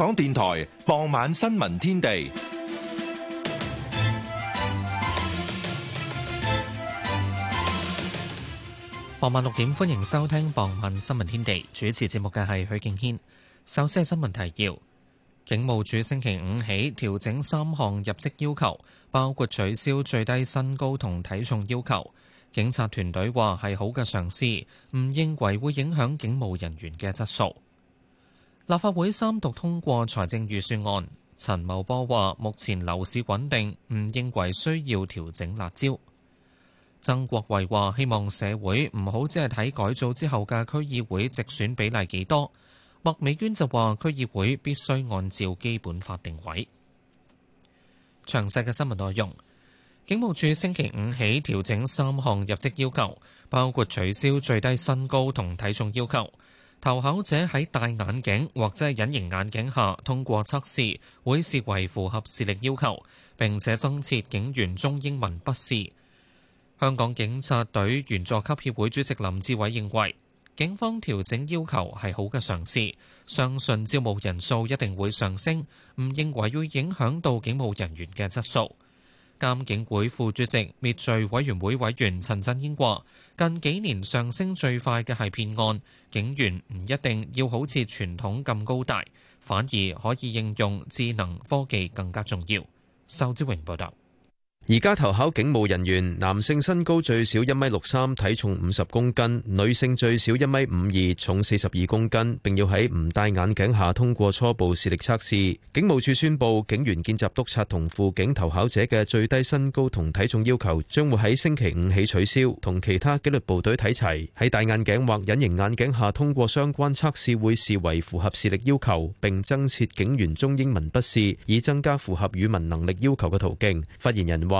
香港電台傍晚新聞天地，傍晚六點歡迎收聽傍晚新聞天地。主持節目嘅係許敬軒。首先係新聞提要：警務處星期五起調整三項入職要求，包括取消最低身高同體重要求。警察團隊話係好嘅嘗試，唔認為會影響警務人員嘅質素。立法會三讀通過財政預算案。陳茂波話：目前樓市穩定，唔認為需要調整辣招。曾國衛話：希望社會唔好只係睇改造之後嘅區議會直選比例幾多。麥美娟就話：區議會必須按照基本法定位。詳細嘅新聞內容，警務處星期五起調整三項入職要求，包括取消最低身高同體重要求。投考者喺戴眼鏡或者係隱形眼鏡下通過測試會視為符合視力要求。並且增設警員中英文筆試。香港警察隊員佐級協會主席林志偉認為警方調整要求係好嘅嘗試，相信招募人數一定會上升，唔認為會影響到警務人員嘅質素。監警會副主席滅罪委員會委員陳振英話，近幾年上升最快嘅係騙案，警員唔一定要好似傳統咁高大，反而可以應用智能科技更加重要。仇志榮報道。而家投考警務人員，男性身高最少一米六三，體重五十公斤；女性最少一米五二，重四十二公斤。並要喺唔戴眼鏡下通過初步視力測試。警務處宣布，警員見習督察同輔警投考者嘅最低身高同體重要求將會喺星期五起取消，同其他紀律部隊睇齊。喺戴眼鏡或隱形眼鏡下通過相關測試會視為符合視力要求。並增設警員中英文筆試，以增加符合語文能力要求嘅途徑。發言人話。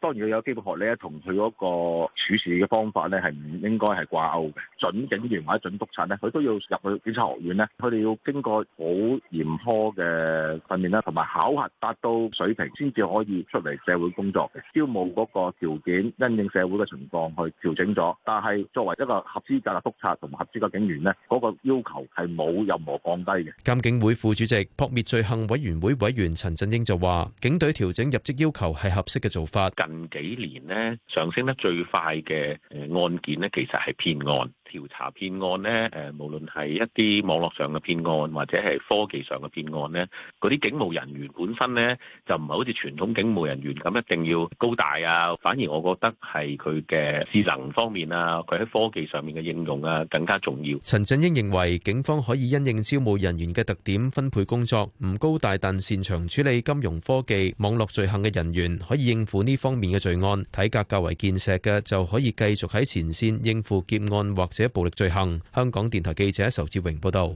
當然佢有基本學歷，同佢嗰個處事嘅方法咧，係唔應該係掛鈎嘅。準警員或者準督察咧，佢都要入去警察學院咧，佢哋要經過好嚴苛嘅訓練啦，同埋考核達到水平先至可以出嚟社會工作。招募嗰個條件因應社會嘅情況去調整咗，但係作為一個合資格嘅督察同埋合資格警員咧，嗰個要求係冇任何降低嘅。監警會副主席、撲滅罪行委員會委員陳振英就話：警隊調整入職要求係合適嘅做法。近幾年咧，上升得最快嘅案件咧，其實係騙案。調查騙案咧，誒，無論係一啲網絡上嘅騙案，或者係科技上嘅騙案咧，嗰啲警務人員本身咧就唔係好似傳統警務人員咁一定要高大啊，反而我覺得係佢嘅智能方面啊，佢喺科技上面嘅應用啊更加重要。陳振英認為警方可以因應招募人員嘅特點分配工作，唔高大但擅長處理金融科技、網絡罪行嘅人員可以應付呢方面嘅罪案，體格較為健碩嘅就可以繼續喺前線應付劫案或者暴力罪行。香港電台記者仇志榮報道，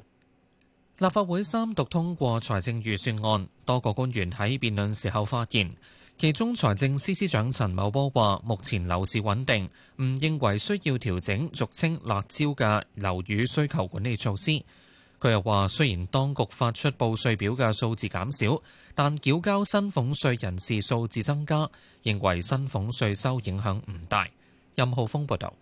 立法會三讀通過財政預算案。多個官員喺辯論時候發言，其中財政司司長陳茂波話，目前樓市穩定，唔認為需要調整俗稱“辣招”嘅樓宇需求管理措施。佢又話，雖然當局發出報稅表嘅數字減少，但繳交薪俸稅人士數字增加，認為薪俸稅收影響唔大。任浩峰報道。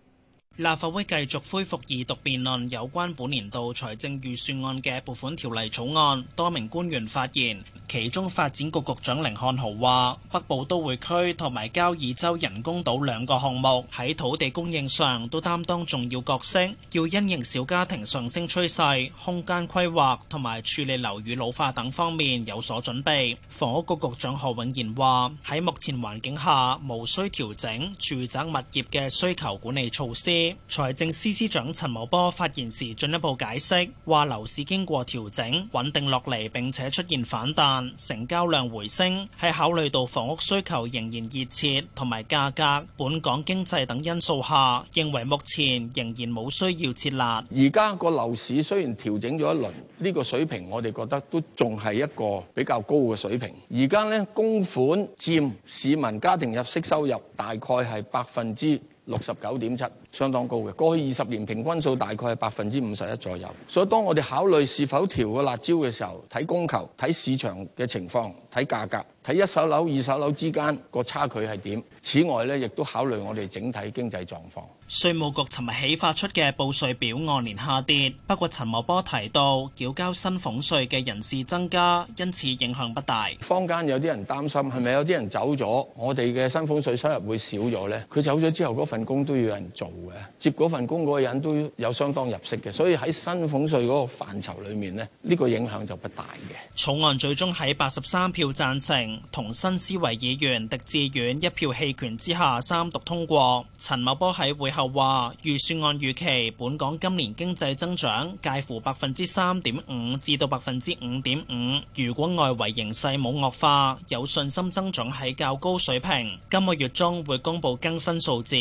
立法會繼續恢復二讀辯論有關本年度財政預算案嘅撥款條例草案，多名官員發言。其中發展局局長甯漢豪話：北部都會區同埋交椅洲人工島兩個項目喺土地供應上都擔當重要角色，要因應小家庭上升趨勢、空間規劃同埋處理樓宇老化等方面有所準備。房屋局局長何永賢話：喺目前環境下，無需調整住宅物業嘅需求管理措施。財政司司長陳茂波發言時進一步解釋，話樓市經過調整穩定落嚟，並且出現反彈，成交量回升。喺考慮到房屋需求仍然熱切，同埋價格、本港經濟等因素下，認為目前仍然冇需要設立。而家個樓市雖然調整咗一輪，呢個水平我哋覺得都仲係一個比較高嘅水平。而家呢，供款佔市民家庭入息收入大概係百分之六十九點七。相當高嘅，過去二十年平均數大概係百分之五十一左右。所以當我哋考慮是否調個辣椒嘅時候，睇供求、睇市場嘅情況、睇價格、睇一手樓、二手樓之間個差距係點。此外呢，亦都考慮我哋整體經濟狀況。稅務局尋日起發出嘅報稅表按年下跌，不過陳茂波提到繳交薪俸稅嘅人士增加，因此影響不大。坊間有啲人擔心，係咪有啲人走咗，我哋嘅薪俸稅收入會少咗呢？佢走咗之後，嗰份工都要有人做。接嗰份工嗰個人都有相當入息嘅，所以喺薪俸稅嗰個範疇裡面咧，呢、這個影響就不大嘅。草案最終喺八十三票贊成，同新思維議員狄志遠一票棄權之下三讀通過。陳茂波喺會後話：預算案預期本港今年經濟增長介乎百分之三點五至到百分之五點五，如果外圍形勢冇惡化，有信心增長喺較高水平。今個月中會公布更新數字。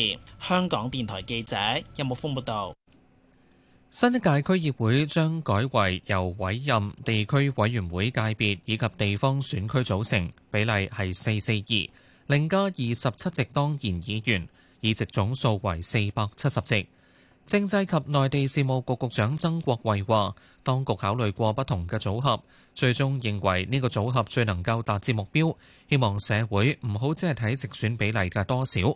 香港電台。記者任木峰報道，新一屆區議會將改為由委任、地區委員會界別以及地方選區組成，比例係四四二，另加二十七席當然議員，議席總數為四百七十席。政制及內地事務局局長曾國衛話，當局考慮過不同嘅組合，最終認為呢個組合最能夠達至目標。希望社會唔好只係睇直選比例嘅多少。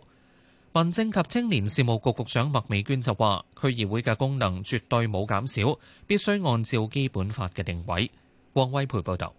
民政及青年事務局局長麥美娟就話：區議會嘅功能絕對冇減少，必須按照基本法嘅定位。王威培報道。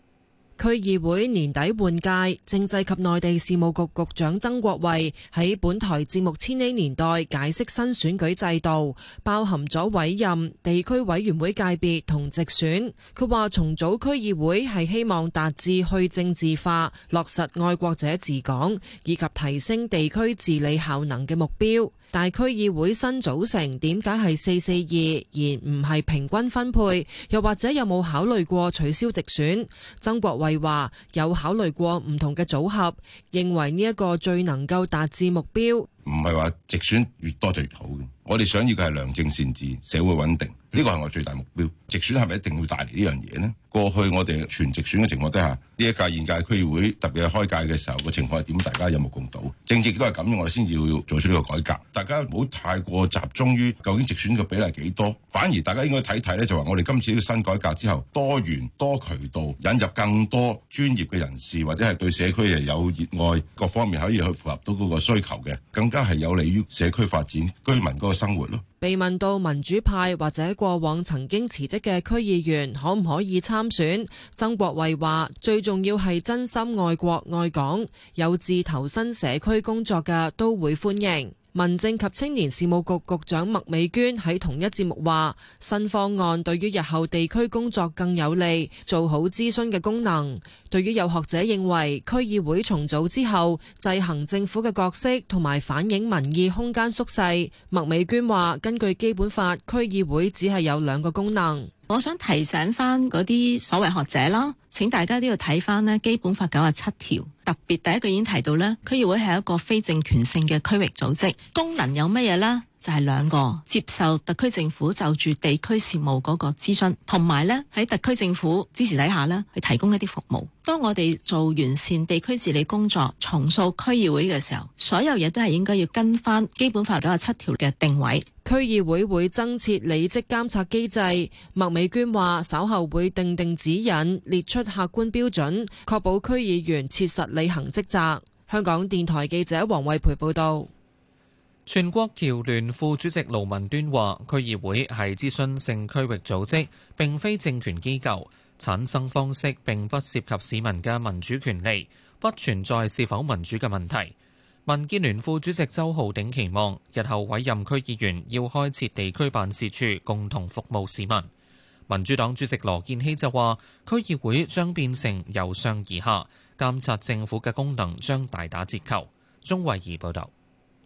區議會年底換屆，政制及內地事務局局長曾國衛喺本台節目《千禧年代》解釋新選舉制度，包含咗委任、地區委員會界別同直選。佢話重組區議會係希望達至去政治化、落實愛國者治港，以及提升地區治理效能嘅目標。大區議會新組成，點解係四四二，而唔係平均分配？又或者有冇考慮過取消直選？曾國衛話有考慮過唔同嘅組合，認為呢一個最能夠達至目標。唔係話直選越多就越好嘅，我哋想要嘅係良政善治、社會穩定，呢個係我最大目標。直選係咪一定會帶嚟呢樣嘢呢？過去我哋全直選嘅情況底下，呢一屆現屆區議會特別係開屆嘅時候個情況係點，大家有目共睹，政治都係咁樣，我哋先至要做出呢個改革。大家唔好太過集中於究竟直選嘅比例幾多，反而大家應該睇睇咧，就話我哋今次呢個新改革之後，多元多渠道，引入更多專業嘅人士，或者係對社區係有熱愛各方面可以去符合到嗰個需求嘅更。而家係有利於社區發展、居民嗰個生活咯。被問到民主派或者過往曾經辭職嘅區議員可唔可以參選，曾國衛話最重要係真心愛國愛港，有志投身社區工作嘅都會歡迎。民政及青年事務局局長麥美娟喺同一節目話：新方案對於日後地區工作更有利，做好諮詢嘅功能。對於有學者認為區議會重組之後，制衡政府嘅角色同埋反映民意空間縮細，麥美娟話：根據基本法，區議會只係有兩個功能。我想提醒翻嗰啲所謂學者啦，請大家都要睇翻《基本法》九十七條，特別第一句已經提到咧，區議會係一個非政權性嘅區域組織，功能有乜嘢咧？就係兩個接受特區政府就住地區事務嗰個諮詢，同埋咧喺特區政府支持底下咧去提供一啲服務。當我哋做完善地區治理工作、重塑區議會嘅時候，所有嘢都係應該要跟翻《基本法》九十七條嘅定位。區議會會增設履職監察機制。麥美娟話：稍後會訂定指引，列出客觀標準，確保區議員切實履行職責。香港電台記者黃惠培報道。全國僑聯副主席盧文端話：區議會係諮詢性區域組織，並非政權機構，產生方式並不涉及市民嘅民主權利，不存在是否民主嘅問題。民建聯副主席周浩鼎期望日後委任區議員要開設地區辦事處，共同服務市民。民主黨主席羅健熙就話：區議會將變成由上而下監察政府嘅功能將大打折扣。鐘慧儀報道。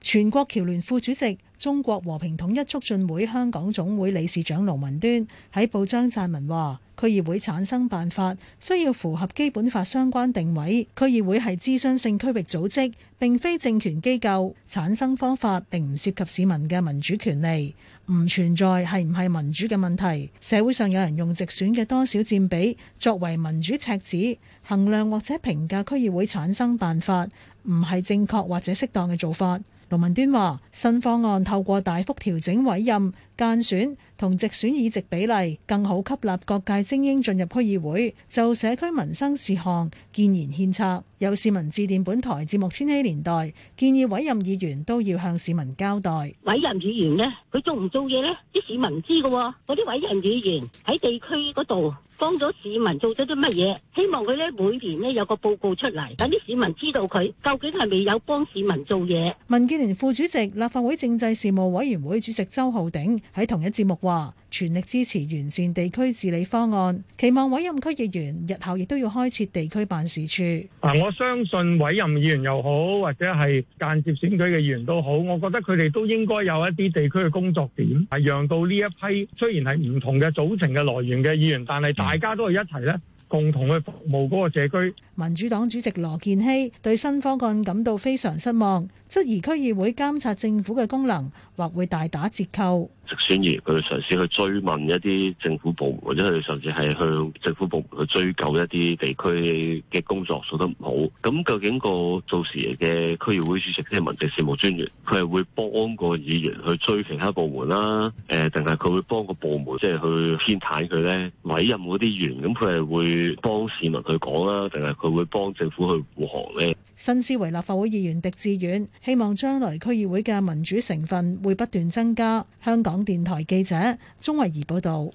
全國僑聯副主席、中國和平統一促進會香港總會理事長盧文端喺報章撰文話：區議會產生辦法需要符合基本法相關定位，區議會係諮詢性區域組織，並非政權機構，產生方法並唔涉及市民嘅民主權利，唔存在係唔係民主嘅問題。社會上有人用直選嘅多少占比作為民主尺子衡量或者評價區議會產生辦法，唔係正確或者適當嘅做法。盧文端話：新方案透過大幅調整委任，間選同直選議席比例更好吸納各界精英進入區議會，就社區民生事項建言獻策。有市民致電本台節目《千禧年代》，建議委任議員都要向市民交代。委任議員呢，佢做唔做嘢呢？啲市民唔知噶喎。嗰啲委任議員喺地區嗰度幫咗市民做咗啲乜嘢？希望佢呢，每年呢有個報告出嚟，等啲市民知道佢究竟係未有幫市民做嘢。民建聯副主席、立法會政制事務委員會主席周浩鼎。喺同一節目話，全力支持完善地區治理方案，期望委任區議員日後亦都要開設地區辦事處。我相信委任議員又好，或者係間接選舉嘅議員都好，我覺得佢哋都應該有一啲地區嘅工作點，係讓到呢一批雖然係唔同嘅組成嘅來源嘅議員，但係大家都係一齊呢，共同去服務嗰個社區。民主黨主席羅建熙對新方案感到非常失望，質疑區議會監察政府嘅功能或會大打折扣。直選議員，佢嘗試去追問一啲政府部門，或者佢嘗試係向政府部門去追究一啲地區嘅工作做得唔好。咁究竟個做事嘅區議會主席即係、就是、民政事務專員，佢係會幫個議員去追其他部門啦，誒、呃，定係佢會幫個部門即係去偏袒佢咧委任嗰啲員，咁佢係會幫市民去講啦，定係佢會幫政府去護航咧？新思維立法會議員狄志遠希望將來區議會嘅民主成分會不斷增加。香港電台記者鍾慧儀報導，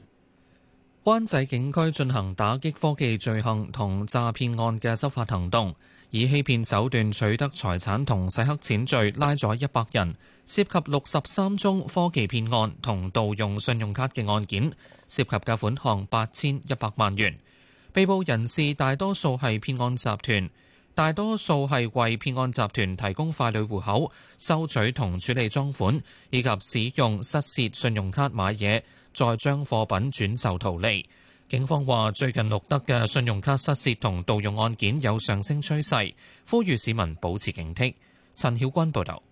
灣仔警區進行打擊科技罪行同詐騙案嘅執法行動，以欺騙手段取得財產同洗黑錢罪拉咗一百人，涉及六十三宗科技騙案同盜用信用卡嘅案件，涉及嘅款項八千一百萬元。被捕人士大多數係騙案集團。大多數係為騙案集團提供傀儡戶口、收取同處理贓款，以及使用失竊信用卡買嘢，再將貨品轉售逃離。警方話，最近錄得嘅信用卡失竊同盜用案件有上升趨勢，呼籲市民保持警惕。陳曉君報導。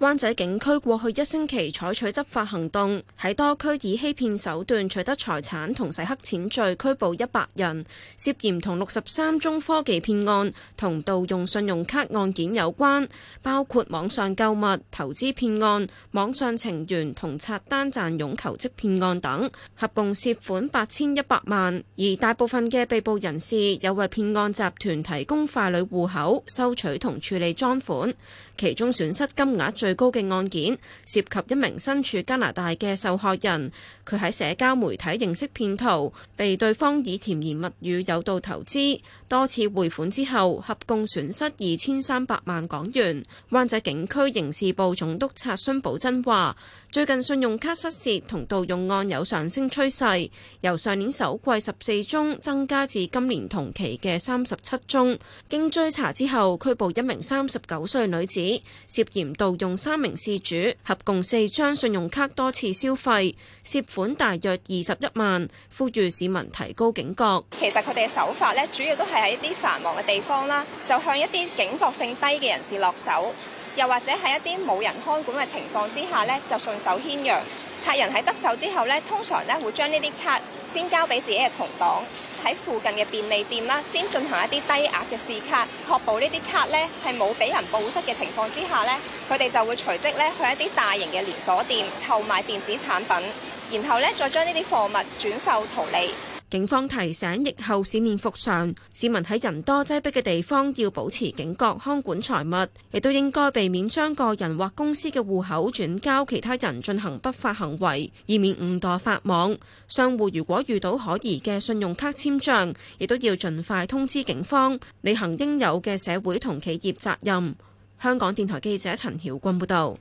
灣仔警區過去一星期採取執法行動，喺多區以欺騙手段取得財產同洗黑錢罪拘捕一百人，涉嫌同六十三宗科技騙案同盜用信用卡案件有關，包括網上購物投資騙案、網上情緣同刷單賺傭求職騙案等，合共涉款八千一百萬。而大部分嘅被捕人士有為騙案集團提供傀儡戶口、收取同處理贓款。其中損失金額最高嘅案件，涉及一名身處加拿大嘅受害人，佢喺社交媒體認識騙徒，被對方以甜言蜜語誘導投資，多次匯款之後，合共損失二千三百萬港元。灣仔警區刑事部總督察孫寶珍話。最近信用卡失竊同盜用案有上升趨勢，由上年首季十四宗增加至今年同期嘅三十七宗。經追查之後，拘捕一名三十九歲女子，涉嫌盜用三名事主合共四張信用卡多次消費，涉款大約二十一萬。呼籲市民提高警覺。其實佢哋嘅手法咧，主要都係喺啲繁忙嘅地方啦，就向一啲警覺性低嘅人士落手。又或者喺一啲冇人看管嘅情況之下呢，就順手牽羊。賊人喺得手之後呢，呢通常呢會將呢啲卡先交俾自己嘅同黨，喺附近嘅便利店啦，先進行一啲低額嘅試卡，確保呢啲卡呢係冇俾人報失嘅情況之下呢，佢哋就會隨即呢去一啲大型嘅連鎖店購買電子產品，然後呢再將呢啲貨物轉售圖利。警方提醒，疫後市面復常，市民喺人多擠迫嘅地方要保持警覺，看管財物，亦都應該避免將個人或公司嘅戶口轉交其他人進行不法行為，以免誤墮法網。商戶如果遇到可疑嘅信用卡簽賬，亦都要盡快通知警方，履行應有嘅社會同企業責任。香港電台記者陳曉君報道。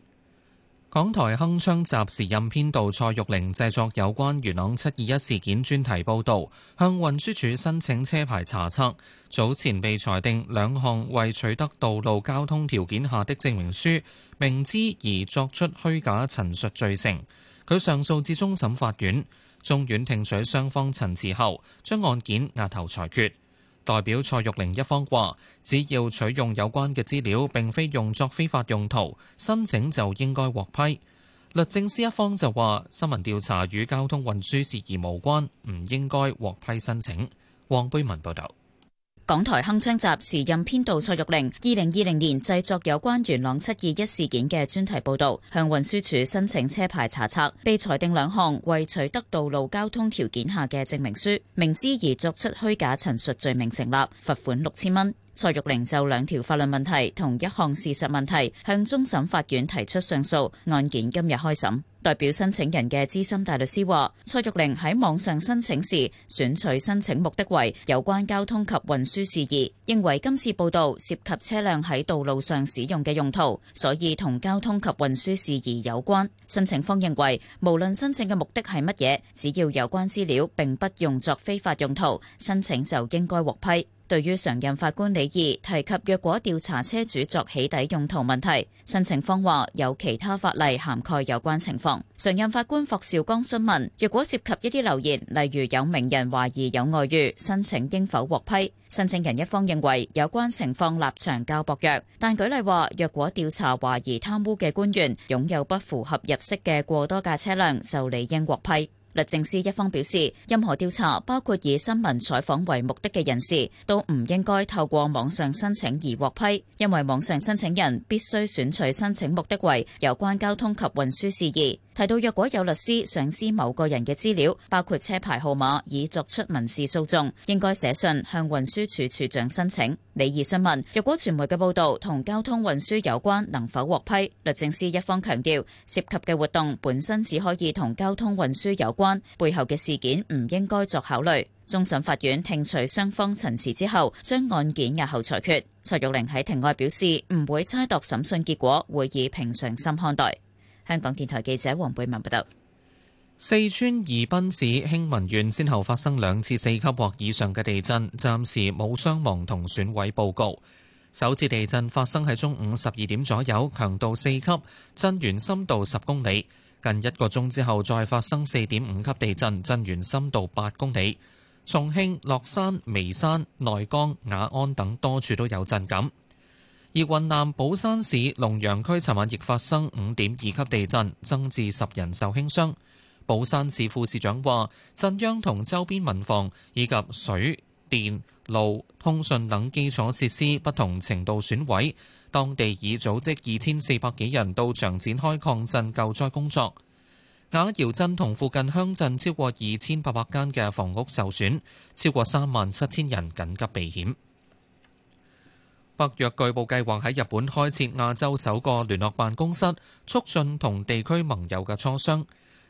港台鏗鏘集時任編導蔡玉玲製作有關元朗七二一事件專題報道，向運輸署申請車牌查冊，早前被裁定兩項為取得道路交通條例下的證明書，明知而作出虛假陳述罪成，佢上訴至終審法院，終院聽取雙方陳詞後，將案件押後裁決。代表蔡玉玲一方話，只要取用有關嘅資料，並非用作非法用途，申請就應該獲批。律政司一方就話，新聞調查與交通運輸事宜無關，唔應該獲批申請。黃居文報道。港台鏗鏘集時任編導蔡玉玲，二零二零年製作有關元朗七二一事件嘅專題報道，向運輸署申請車牌查冊，被裁定兩項為取得道路交通條件下嘅證明書，明知而作出虛假陳述罪名成立，罰款六千蚊。蔡玉玲就兩條法律問題同一項事實問題向終審法院提出上訴，案件今日開審。代表申請人嘅資深大律師話，蔡玉玲喺網上申請時選取申請目的為有關交通及運輸事宜，認為今次報道涉及車輛喺道路上使用嘅用途，所以同交通及運輸事宜有關。申請方認為，無論申請嘅目的係乜嘢，只要有關資料並不用作非法用途，申請就應該獲批。對於常任法官李儀提及若果調查車主作起底用途問題，申請方話有其他法例涵蓋有關情況。常任法官霍兆剛詢問：若果涉及一啲流言，例如有名人懷疑有外遇，申請應否獲批？申請人一方認為有關情況立場較薄弱，但舉例話若果調查懷疑貪污嘅官員擁有不符合入息嘅過多架車輛，就理應獲批。律政司一方表示，任何調查，包括以新聞採訪為目的嘅人士，都唔應該透過網上申請而獲批，因為網上申請人必須選取申請目的為有關交通及運輸事宜。提到若果有律師想知某個人嘅資料，包括車牌號碼，已作出民事訴訟，應該寫信向運輸署署長申請。李儀詢問，若果傳媒嘅報導同交通運輸有關，能否獲批？律政司一方強調，涉及嘅活動本身只可以同交通運輸有關。背後嘅事件唔應該作考慮。終審法院聽取雙方陳詞之後，將案件押後裁決。蔡玉玲喺庭外表示，唔會猜度審訊結果，會以平常心看待。香港電台記者黃貝文報道。四川宜賓市興文縣先後發生兩次四級或以上嘅地震，暫時冇傷亡同損毀報告。首次地震發生喺中午十二點左右，強度四級，震源深度十公里。近一個鐘之後，再發生四點五級地震，震源深度八公里。重慶樂山、眉山、內江、雅安等多處都有震感。而雲南保山市隆陽區尋晚亦發生五點二級地震，增至十人受輕傷。保山市副市長話：震央同周邊民房以及水電路、通訊等基礎設施不同程度損毀，當地已組織二千四百幾人到場展開抗震救災工作。瓦窯鎮同附近鄉鎮超過二千八百間嘅房屋受損，超過三萬七千人緊急避險。北約據報計劃喺日本開設亞洲首個聯絡辦公室，促進同地區盟友嘅磋商。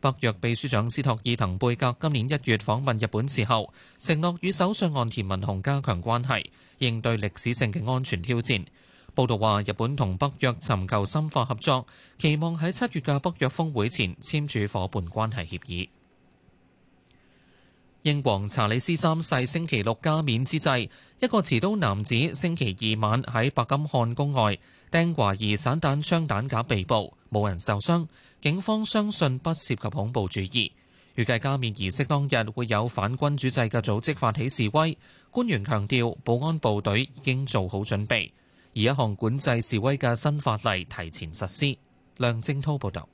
北約秘書長斯托爾滕貝格今年一月訪問日本時候，承諾與首相岸田文雄加強關係，應對歷史性嘅安全挑戰。報道話，日本同北約尋求深化合作，期望喺七月嘅北約峰會前簽署伙伴關係協議。英皇查理斯三世星期六加冕之際，一個持刀男子星期二晚喺白金漢宮外，掟懷疑散彈槍彈架被捕。冇人受傷，警方相信不涉及恐怖主義，預計加冕儀式當日會有反君主制嘅組織發起示威，官員強調保安部隊已經做好準備，而一項管制示威嘅新法例提前實施。梁正濤報道。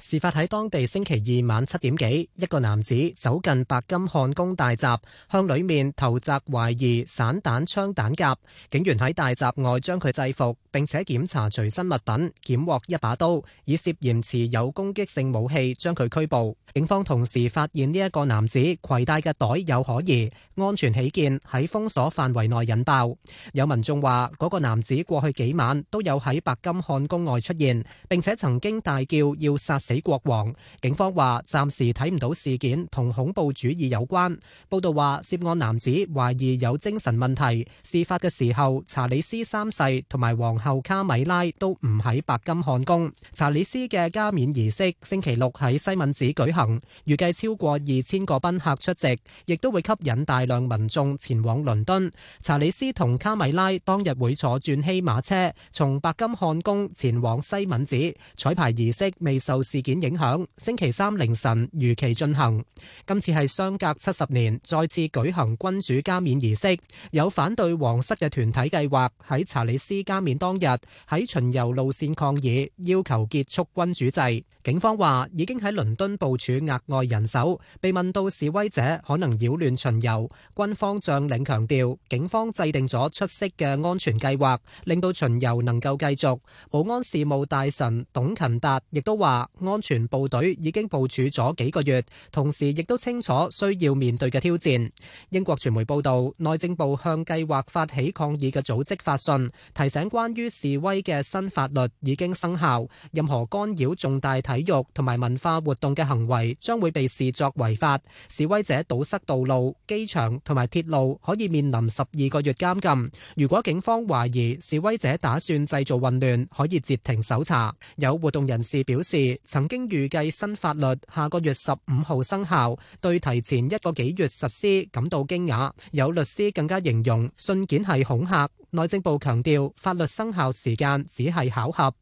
事發喺當地星期二晚七點幾，一個男子走近白金漢宮大閘，向裏面投擲懷疑散彈槍彈夾。警員喺大閘外將佢制服，並且檢查隨身物品，檢獲一把刀，以涉嫌持有攻擊性武器將佢拘捕。警方同時發現呢一個男子攜帶嘅袋有可疑，安全起見喺封鎖範圍內引爆。有民眾話，嗰個男子過去幾晚都有喺白金漢宮外出現，並且曾經大叫要殺死國王，警方話暫時睇唔到事件同恐怖主義有關。報道話，涉案男子懷疑有精神問題。事發嘅時候，查理斯三世同埋皇后卡米拉都唔喺白金漢宮。查理斯嘅加冕儀式星期六喺西敏寺舉行，預計超過二千個賓客出席，亦都會吸引大量民眾前往倫敦。查理斯同卡米拉當日會坐鑽禧馬車從白金漢宮前往西敏寺，彩排儀式未受事件影響，星期三凌晨如期進行。今次係相隔七十年再次舉行君主加冕儀式，有反對皇室嘅團體計劃喺查理斯加冕當日喺巡遊路線抗議，要求結束君主制。警方話已經喺倫敦部署額外人手。被問到示威者可能擾亂巡遊，軍方將領強調警方制定咗出色嘅安全計劃，令到巡遊能夠繼續。保安事務大臣董勤達亦都話，安全部隊已經部署咗幾個月，同時亦都清楚需要面對嘅挑戰。英國傳媒報道，內政部向計劃發起抗議嘅組織發信，提醒關於示威嘅新法律已經生效，任何干擾重大提體育同埋文化活動嘅行為將會被視作違法，示威者堵塞道路、機場同埋鐵路可以面臨十二個月監禁。如果警方懷疑示威者打算製造混亂，可以截停搜查。有活動人士表示，曾經預計新法律下個月十五號生效，對提前一個幾月實施感到驚訝。有律師更加形容信件係恐嚇。內政部強調，法律生效時間只係巧合。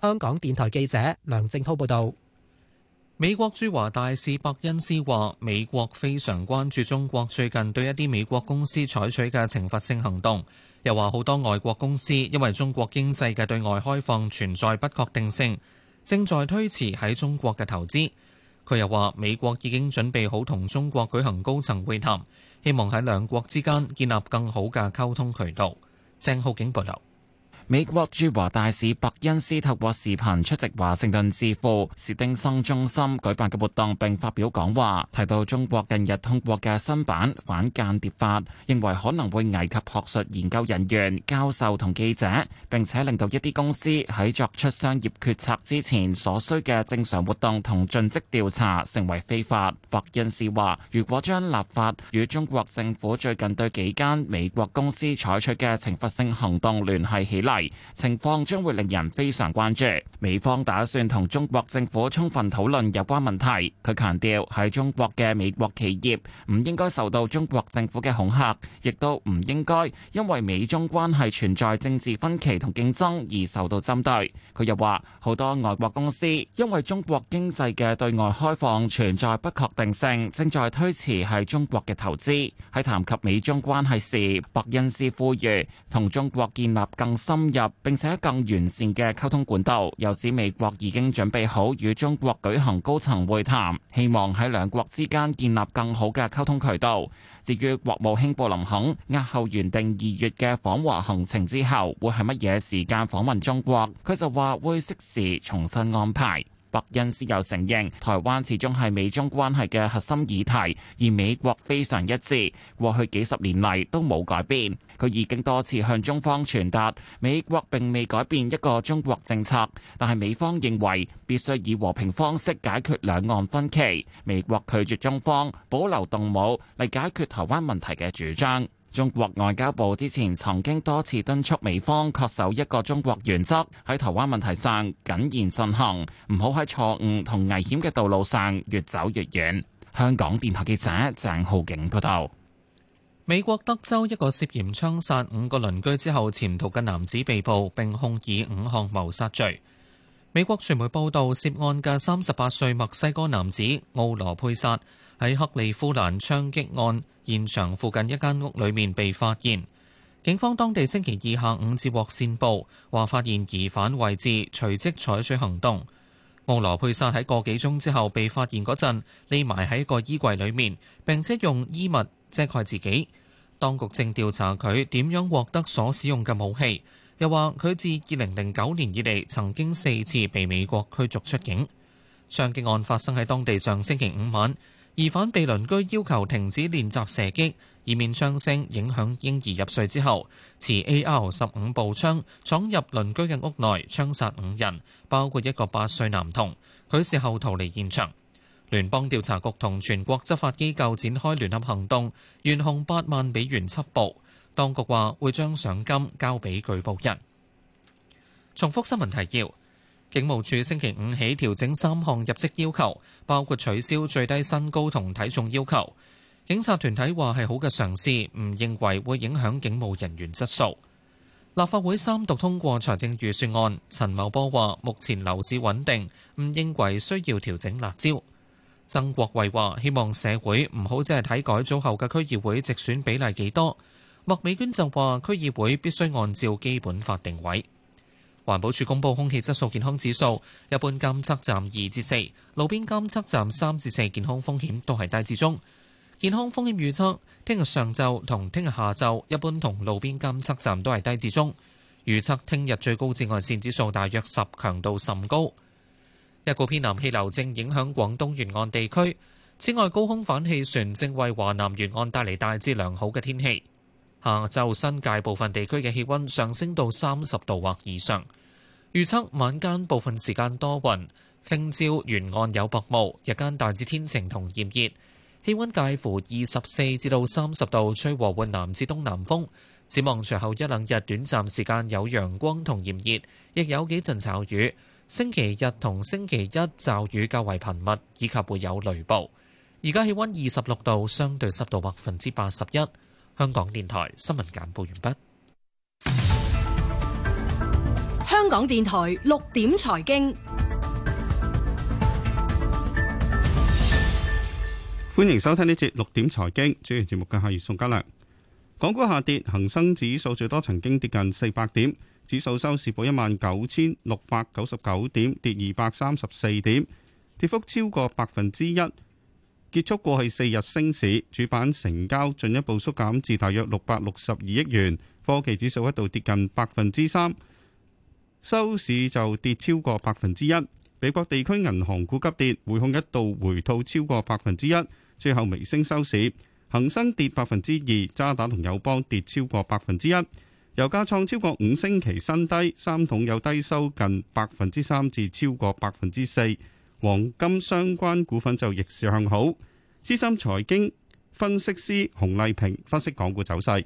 香港電台記者梁正濤報道。美國駐華大使伯恩斯話，美國非常關注中國最近對一啲美國公司採取嘅懲罰性行動。又話好多外國公司因為中國經濟嘅對外開放存在不確定性，正在推遲喺中國嘅投資。佢又話美國已經準備好同中國舉行高層會談，希望喺兩國之間建立更好嘅溝通渠道。鄭浩景報道。美國駐華大使伯恩斯透過視頻出席華盛頓智庫史汀生中心舉辦嘅活動，並發表講話，提到中國近日通過嘅新版反間諜法，認為可能會危及學術研究人員、教授同記者，並且令到一啲公司喺作出商業決策之前所需嘅正常活動同盡職調查成為非法。伯恩斯話：如果將立法與中國政府最近對幾間美國公司採取嘅懲罰性行動聯繫起嚟，情況將會令人非常關注。美方打算同中國政府充分討論有關問題。佢強調，喺中國嘅美國企業唔應該受到中國政府嘅恐嚇，亦都唔應該因為美中關係存在政治分歧同競爭而受到針對。佢又話，好多外國公司因為中國經濟嘅對外開放存在不確定性，正在推遲喺中國嘅投資。喺談及美中關係時，白恩斯呼籲同中國建立更深。深入並且更完善嘅溝通管道。又指美國已經準備好與中國舉行高層會談，希望喺兩國之間建立更好嘅溝通渠道。至於國務卿布林肯押後原定二月嘅訪華行程之後，會係乜嘢時間訪問中國？佢就話會適時重新安排。白恩斯又承認台灣始終係美中關係嘅核心議題，而美國非常一致，過去幾十年嚟，都冇改變，佢已經多次向中方傳達美國並未改變一個中國政策，但係美方認為必須以和平方式解決兩岸分歧。美國拒絕中方保留動武嚟解決台灣問題嘅主張。中國外交部之前曾經多次敦促美方恪守一個中國原則，喺台灣問題上謹言慎行，唔好喺錯誤同危險嘅道路上越走越遠。香港電台記者鄭浩景報道：美國德州一個涉嫌槍殺五個鄰居之後潛逃嘅男子被捕，並控以五項謀殺罪。美國傳媒報道，涉案嘅三十八歲墨西哥男子奧羅佩薩喺克利夫蘭槍擊案現場附近一間屋裏面被發現。警方當地星期二下午接獲線報，話發現疑犯位置，隨即採取行動。奧羅佩薩喺個幾鐘之後被發現嗰陣，匿埋喺個衣櫃裏面，並且用衣物遮蓋自己。當局正調查佢點樣獲得所使用嘅武器。又話佢自二零零九年以嚟，曾經四次被美國驅逐出境。槍擊案發生喺當地上上星期五晚，疑犯被鄰居要求停止練習射擊，以免槍聲影響嬰兒入睡之後，持 AR 十五步槍闖入鄰居嘅屋內，槍殺五人，包括一個八歲男童。佢事後逃離現場。聯邦調查局同全國執法機構展開聯合行動，懸紅八萬美元緝捕。當局話會將賞金交俾舉報人。重複新聞提要：警務處星期五起調整三項入職要求，包括取消最低身高同體重要求。警察團體話係好嘅嘗試，唔認為會影響警務人員質素。立法會三讀通過財政預算案。陳茂波話：目前樓市穩定，唔認為需要調整辣招。曾國衛話：希望社會唔好只係睇改組後嘅區議會直選比例幾多。麥美娟就話：區議會必須按照基本法定位。環保署公布空氣質素健康指數，一般監測站二至四，路邊監測站三至四，健康風險都係低至中。健康風險預測，聽日上晝同聽日下晝，一般同路邊監測站都係低至中。預測聽日最高紫外線指數大約十，強度甚高。一股偏南氣流正影響廣東沿岸地區，此外高空反氣旋正為華南沿岸帶嚟大致良好嘅天氣。下晝新界部分地區嘅氣溫上升到三十度或以上，預測晚間部分時間多雲，聽朝沿岸有薄霧，日間大致天晴同炎熱，氣溫介乎二十四至到三十度，吹和緩南至東南風，展望隨後一兩日短暫時間有陽光同炎熱，亦有幾陣驟雨，星期日同星期一驟雨較為頻密，以及會有雷暴。而家氣溫二十六度，相對濕度百分之八十一。香港電台新聞簡報完畢。香港電台六點財經，歡迎收聽呢節六點財經。主持節目嘅係宋嘉良。港股下跌，恒生指數最多曾經跌近四百點，指數收市報一萬九千六百九十九點，跌二百三十四點，跌幅超過百分之一。結束過去四日升市，主板成交進一步縮減至大約六百六十二億元。科技指數一度跌近百分之三，收市就跌超過百分之一。美國地區銀行股急跌，匯控一度回吐超過百分之一，最後微升收市。恒生跌百分之二，渣打同友邦跌超過百分之一。油價創超過五星期新低，三桶油低收近百分之三至超過百分之四。黃金相關股份就逆市向好。資深財經分析師洪麗萍分析港股走勢。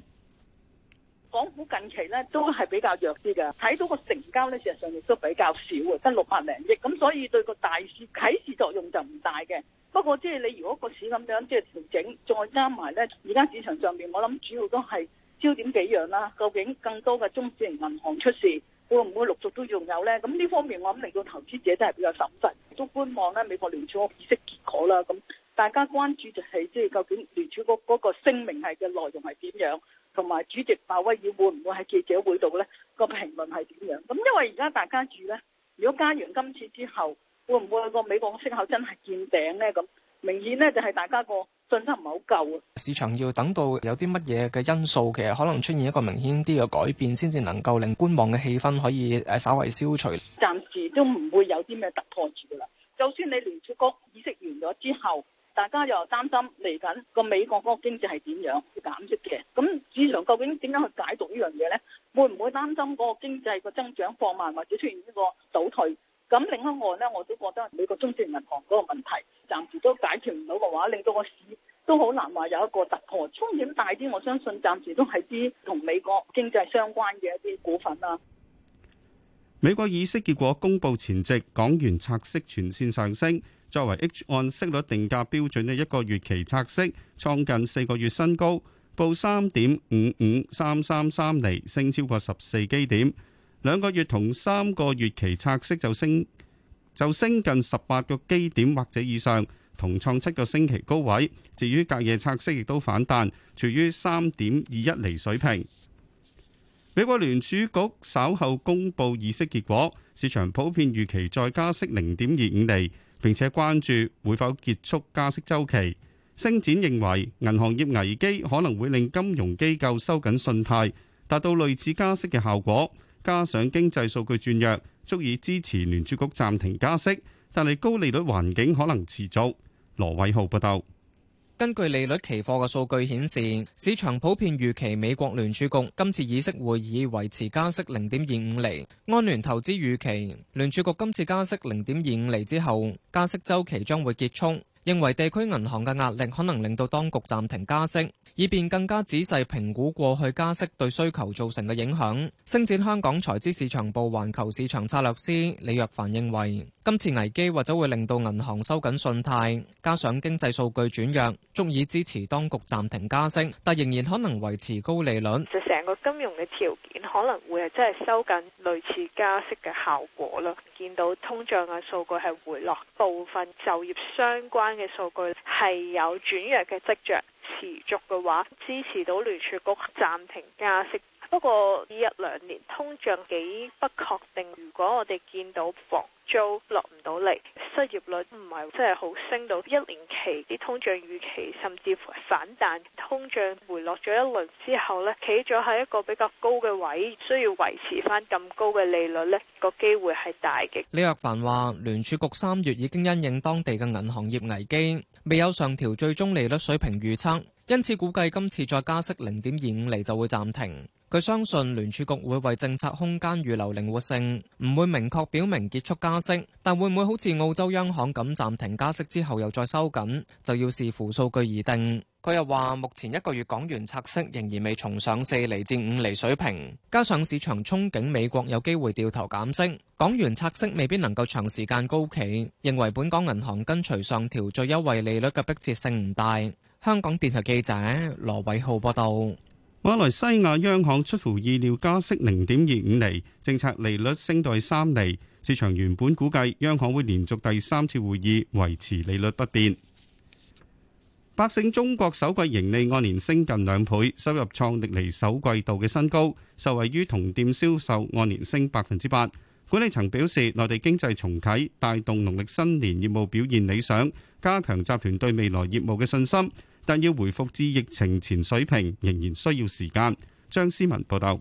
港股近期呢都係比較弱啲嘅，睇到個成交呢事實上亦都比較少啊，得六百零億咁，所以對個大市啟示作用就唔大嘅。不過即係你如果個市咁樣即係調整，再加埋呢，而家市場上面我諗主要都係焦點幾樣啦。究竟更多嘅中小型銀行出事會唔會陸續都仲有呢？咁呢方面我諗令到投資者真係比較審慎。都觀望咧，美國聯儲局議息結果啦，咁大家關注就係即係究竟聯儲局嗰個聲明係嘅內容係點樣，同埋主席鮑威爾會唔會喺記者會度咧個評論係點樣。咁因為而家大家住咧，如果加完今次之後會唔會個美國嘅息口真係見頂咧？咁明顯咧就係大家個信心唔係好夠啊。市場要等到有啲乜嘢嘅因素，其實可能出現一個明顯啲嘅改變先至能夠令觀望嘅氣氛可以誒稍為消除。之後，大家又擔心嚟緊個美國嗰個經濟係點樣去減息嘅？咁市場究竟點樣去解讀呢樣嘢呢？會唔會擔心嗰個經濟個增長放慢，或者出現呢個倒退？咁另一外呢，我都覺得美國中央銀行嗰個問題暫時都解決唔到嘅話，令到個市都好難話有一個突破。風險大啲，我相信暫時都係啲同美國經濟相關嘅一啲股份啦、啊。美國議息結果公布前夕，港元拆息全線上升。作為 H 按息率定價標準嘅一個月期拆息，創近四個月新高，報三點五五三三三厘，升超過十四基點。兩個月同三個月期拆息就升就升近十八個基點或者以上，同創七個星期高位。至於隔夜拆息亦都反彈，處於三點二一厘水平。美國聯儲局稍後公佈議息結果，市場普遍預期再加息零點二五厘。並且關注會否結束加息週期。星展認為銀行業危機可能會令金融機構收緊信貸，達到類似加息嘅效果。加上經濟數據轉弱，足以支持聯儲局暫停加息，但係高利率環境可能持續。羅偉浩報道。根據利率期貨嘅數據顯示，市場普遍預期美國聯儲局今次議息會議維持加息零點二五厘。安聯投資預期聯儲局今次加息零點二五厘之後，加息周期將會結束。認為地區銀行嘅壓力可能令到當局暫停加息，以便更加仔細評估過去加息對需求造成嘅影響。星展香港財資市場部環球市場策略師李若凡認為，今次危機或者會令到銀行收緊信貸，加上經濟數據轉弱，足以支持當局暫停加息，但仍然可能維持高利率。其實成個金融嘅條件可能會係真係收緊，類似加息嘅效果啦。見到通脹嘅數據係回落，部分就業相關。嘅數據係有轉弱嘅跡象，持續嘅話，支持到聯儲局暫停加息。不過，呢一兩年通脹幾不確定。如果我哋見到房租落唔到嚟，失業率唔係真係好升到一年期啲通脹預期，甚至乎係反彈通脹回落咗一輪之後咧，企咗喺一個比較高嘅位，需要維持翻咁高嘅利率呢，個機會係大嘅。李若凡話：聯儲局三月已經因應當地嘅銀行業危機，未有上調最終利率水平預測，因此估計今次再加息零點二五厘就會暫停。佢相信聯儲局會為政策空間預留靈活性，唔會明確表明結束加息，但會唔會好似澳洲央行咁暫停加息之後又再收緊，就要視乎數據而定。佢又話，目前一個月港元拆息仍然未重上四厘至五厘水平，加上市場憧憬美國有機會掉頭減息，港元拆息未必能夠長時間高企。認為本港銀行跟隨上調最優惠利率嘅迫切性唔大。香港電台記者羅偉浩報道。馬來西亞央行出乎意料加息零點二五厘，政策利率升到三厘。市場原本估計央行會連續第三次會議維持利率不變。百勝中國首季盈利按年升近兩倍，收入創歷嚟首季度嘅新高，受惠於同店銷售按年升百分之八。管理層表示，內地經濟重啟帶動農曆新年業務表現理想，加強集團對未來業務嘅信心。但要回復至疫情前水平，仍然需要時間。張思文報道，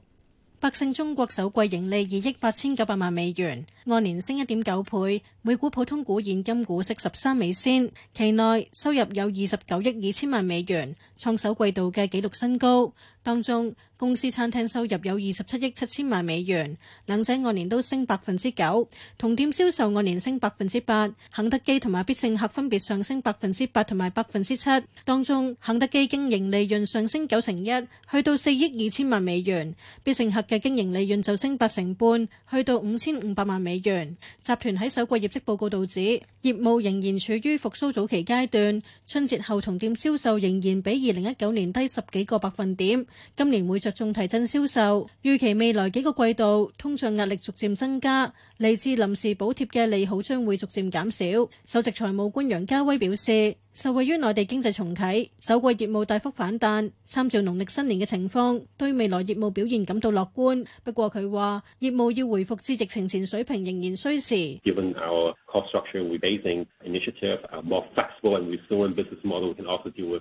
百勝中國首季盈利二億八千九百萬美元，按年升一點九倍，每股普通股現金股息十三美仙。期內收入有二十九億二千萬美元。創首季度嘅紀錄新高，當中公司餐廳收入有二十七億七千萬美元，兩者按年都升百分之九，同店銷售按年升百分之八，肯德基同埋必勝客分別上升百分之八同埋百分之七。當中肯德基經營利潤上升九成一，去到四億二千萬美元，必勝客嘅經營利潤就升八成半，去到五千五百萬美元。集團喺首季業績報告度指，業務仍然處於復甦早期階段，春節後同店銷售仍然比二二零一九年低十幾個百分點，今年會着重提振銷售，預期未來幾個季度通脹壓力逐漸增加，嚟自臨時補貼嘅利好將會逐漸減少。首席財務官楊家威表示，受惠於內地經濟重啟，首季業務大幅反彈，參照農曆新年嘅情況，對未來業務表現感到樂觀。不過佢話業務要回復至疫情前水平仍然需時。Given our cost structure rebasing initiative are more flexible and we saw in business model can also deal with.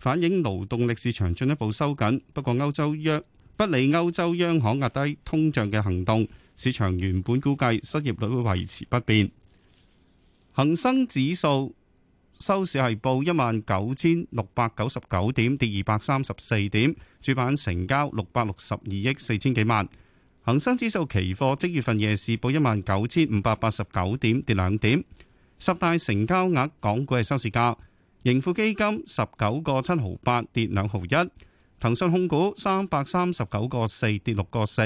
反映勞動力市場進一步收緊，不過歐洲央不理歐洲央行壓低通脹嘅行動，市場原本估計失業率會維持不變。恒生指數收市係報一萬九千六百九十九點，跌二百三十四點，主板成交六百六十二億四千幾萬。恒生指數期貨即月份夜市報一萬九千五百八十九點，跌兩點。十大成交額港股嘅收市價。盈富基金十九個七毫八跌兩毫一，騰訊控股三百三十九個四跌六個四，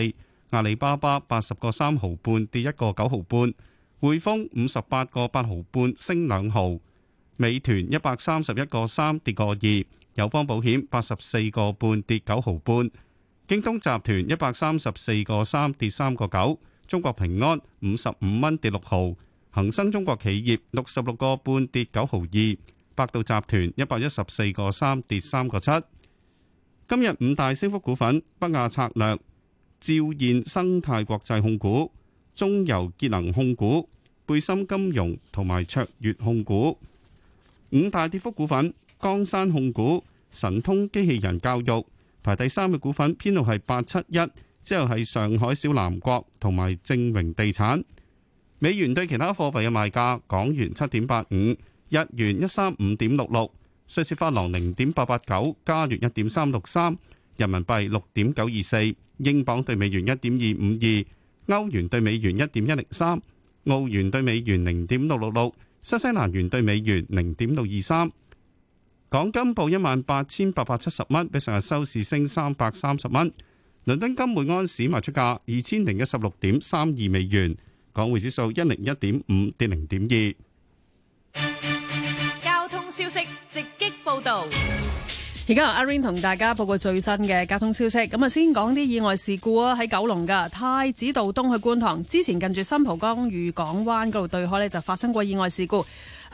阿里巴巴八十個三毫半跌一個九毫半，匯豐五十八個八毫半升兩毫，美團一百三十一個三跌個二，友邦保險八十四個半跌九毫半，京東集團一百三十四個三跌三個九，中國平安五十五蚊跌六毫，恒生中國企業六十六個半跌九毫二。百度集團一百一十四個三跌三個七。今日五大升幅股份：北亞策略、兆燕生態國際控股、中油節能控股、貝森金融同埋卓越控股。五大跌幅股份：江山控股、神通機器人教育。排第三嘅股份編號係八七一，之後係上海小南國同埋正榮地產。美元對其他貨幣嘅賣價：港元七點八五。日元一三五點六六，瑞士法郎零點八八九，加元一點三六三，人民幣六點九二四，英鎊對美元一點二五二，歐元對美元一點一零三，澳元對美元零點六六六，新西蘭元對美元零點六二三。港金報一萬八千八百七十蚊，比上日收市升三百三十蚊。倫敦金每安士賣出價二千零一十六點三二美元。港匯指數一零一點五，跌零點二。消息直擊報道，而家阿阿 Rain 同大家報告最新嘅交通消息。咁啊，先講啲意外事故啊，喺九龍噶太子道東去觀塘，之前近住新蒲崗御港灣嗰度對開呢，就發生過意外事故。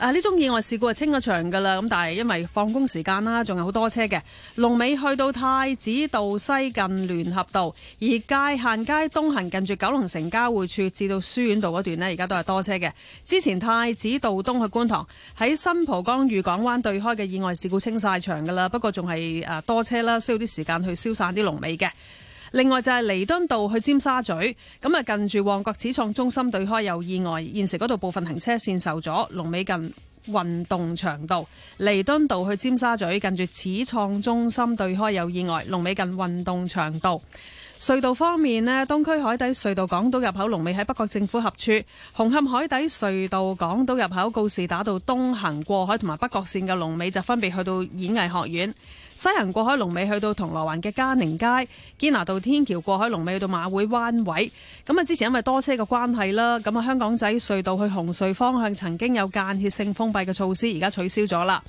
啊！呢種意外事故係清咗場噶啦，咁但係因為放工時間啦，仲有好多車嘅，龍尾去到太子道西近聯合道，而界限街東行近住九龍城交匯處至到書院道嗰段呢，而家都係多車嘅。之前太子道東去觀塘喺新蒲崗御港灣對開嘅意外事故清晒場噶啦，不過仲係誒多車啦，需要啲時間去消散啲龍尾嘅。另外就係彌敦道去尖沙咀，咁啊近住旺角始創中心對開有意外，現時嗰度部分行車線受阻。龍尾近運動場道。彌敦道去尖沙咀近住始創中心對開有意外，龍尾近運動場道。隧道方面咧，東區海底隧道港島入口龍尾喺北角政府合署；紅磡海底隧道港島入口告士打道東行過海，同埋北角線嘅龍尾就分別去到演藝學院。西行過海龍尾去到銅鑼灣嘅嘉寧街，堅拿道天橋過海龍尾去到馬會灣位，咁啊之前因為多車嘅關係啦，咁啊香港仔隧道去紅隧方向曾經有間歇性封閉嘅措施，而家取消咗啦。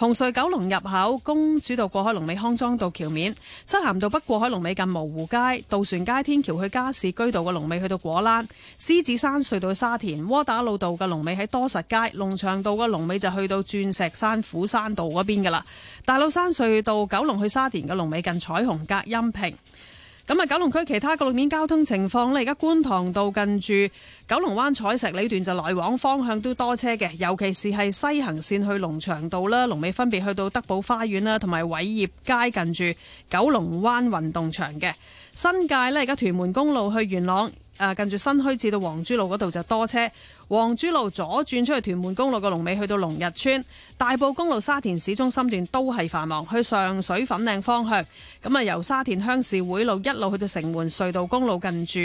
紅隧九龍入口公主道過海龍尾康莊道橋面，漆咸道北過海龍尾近蕪湖街，渡船街天橋去加士居道嘅龍尾去到果欄，獅子山隧道去沙田窩打老道嘅龍尾喺多實街，龍翔道嘅龍尾就去到鑽石山虎山道嗰邊㗎喇，大老山隧道九龍去沙田嘅龍尾近彩虹隔音屏。咁啊，九龍區其他個路面交通情況呢？而家觀塘道近住九龍灣彩石呢段就來往方向都多車嘅，尤其是係西行綫去龍翔道啦、龍尾分別去到德寶花園啦，同埋偉業街近住九龍灣運動場嘅新界呢。而家屯門公路去元朗。誒近住新墟至到黃珠路嗰度就多車，黃珠路左轉出去屯門公路個龍尾去到龍日村，大埔公路沙田市中心段都係繁忙，去上水粉嶺方向，咁啊由沙田鄉事會路一路去到城門隧道公路近住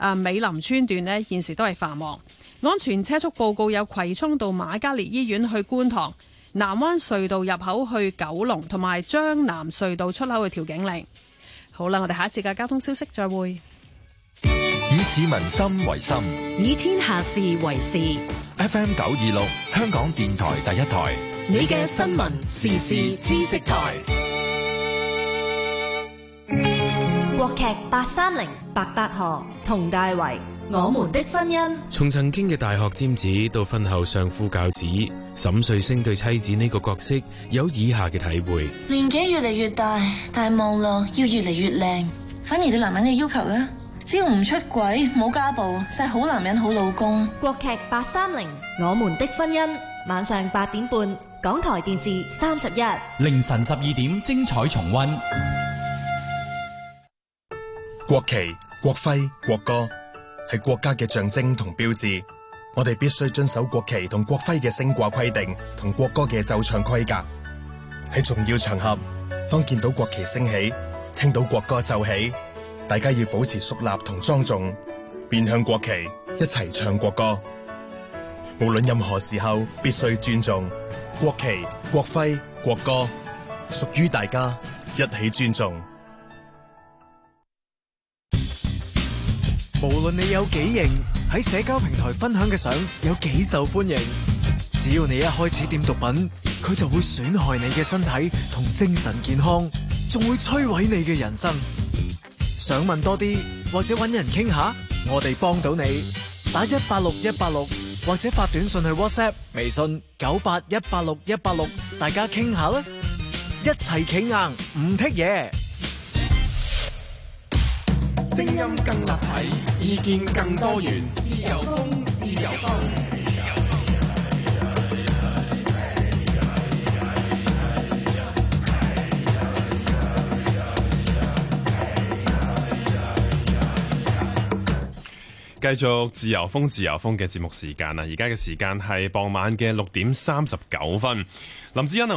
誒美林村段呢現時都係繁忙。安全車速報告，有葵涌到瑪嘉烈醫院去觀塘，南灣隧道入口去九龍，同埋將南隧道出口去調景嶺。好啦，我哋下一節嘅交通消息再會。以市民心為心，以天下事為事。FM 九二六，香港電台第一台。你嘅新聞時事知識台。國劇八三零，白百何、佟大為，我們的婚姻。從曾經嘅大學尖子到婚後相夫教子，沈瑞星對妻子呢個角色有以下嘅體會。年紀越嚟越大，但望落要越嚟越靚，反而對男人嘅要求呢、啊。」只要唔出軌、冇家暴，就係、是、好男人、好老公。國劇八三零《我們的婚姻》，晚上八點半，港台電視三十一，凌晨十二點，精彩重溫。國旗、國徽、國歌係國家嘅象徵同標誌，我哋必須遵守國旗同國徽嘅升掛規定，同國歌嘅奏唱規格。喺重要場合，當見到國旗升起，聽到國歌奏起，大家要保持肅立同莊重，面向國旗，一齊唱國歌。無論任何時候，必須尊重國旗、國徽、國歌，屬於大家，一起尊重。無論你有幾型，喺社交平台分享嘅相有幾受歡迎，只要你一開始掂毒品，佢就會損害你嘅身體同精神健康，仲會摧毀你嘅人生。想問多啲，或者搵人傾下，我哋幫到你。打一八六一八六，6，或者發短信去 WhatsApp、微信九八一八六一八六，6，大家傾下啦，一齊企硬，唔剔嘢。聲音更立體，意見更多元，自由風，自由風。繼續自由風自由風嘅節目時間啊！而家嘅時間係傍晚嘅六點三十九分。林志欣啊。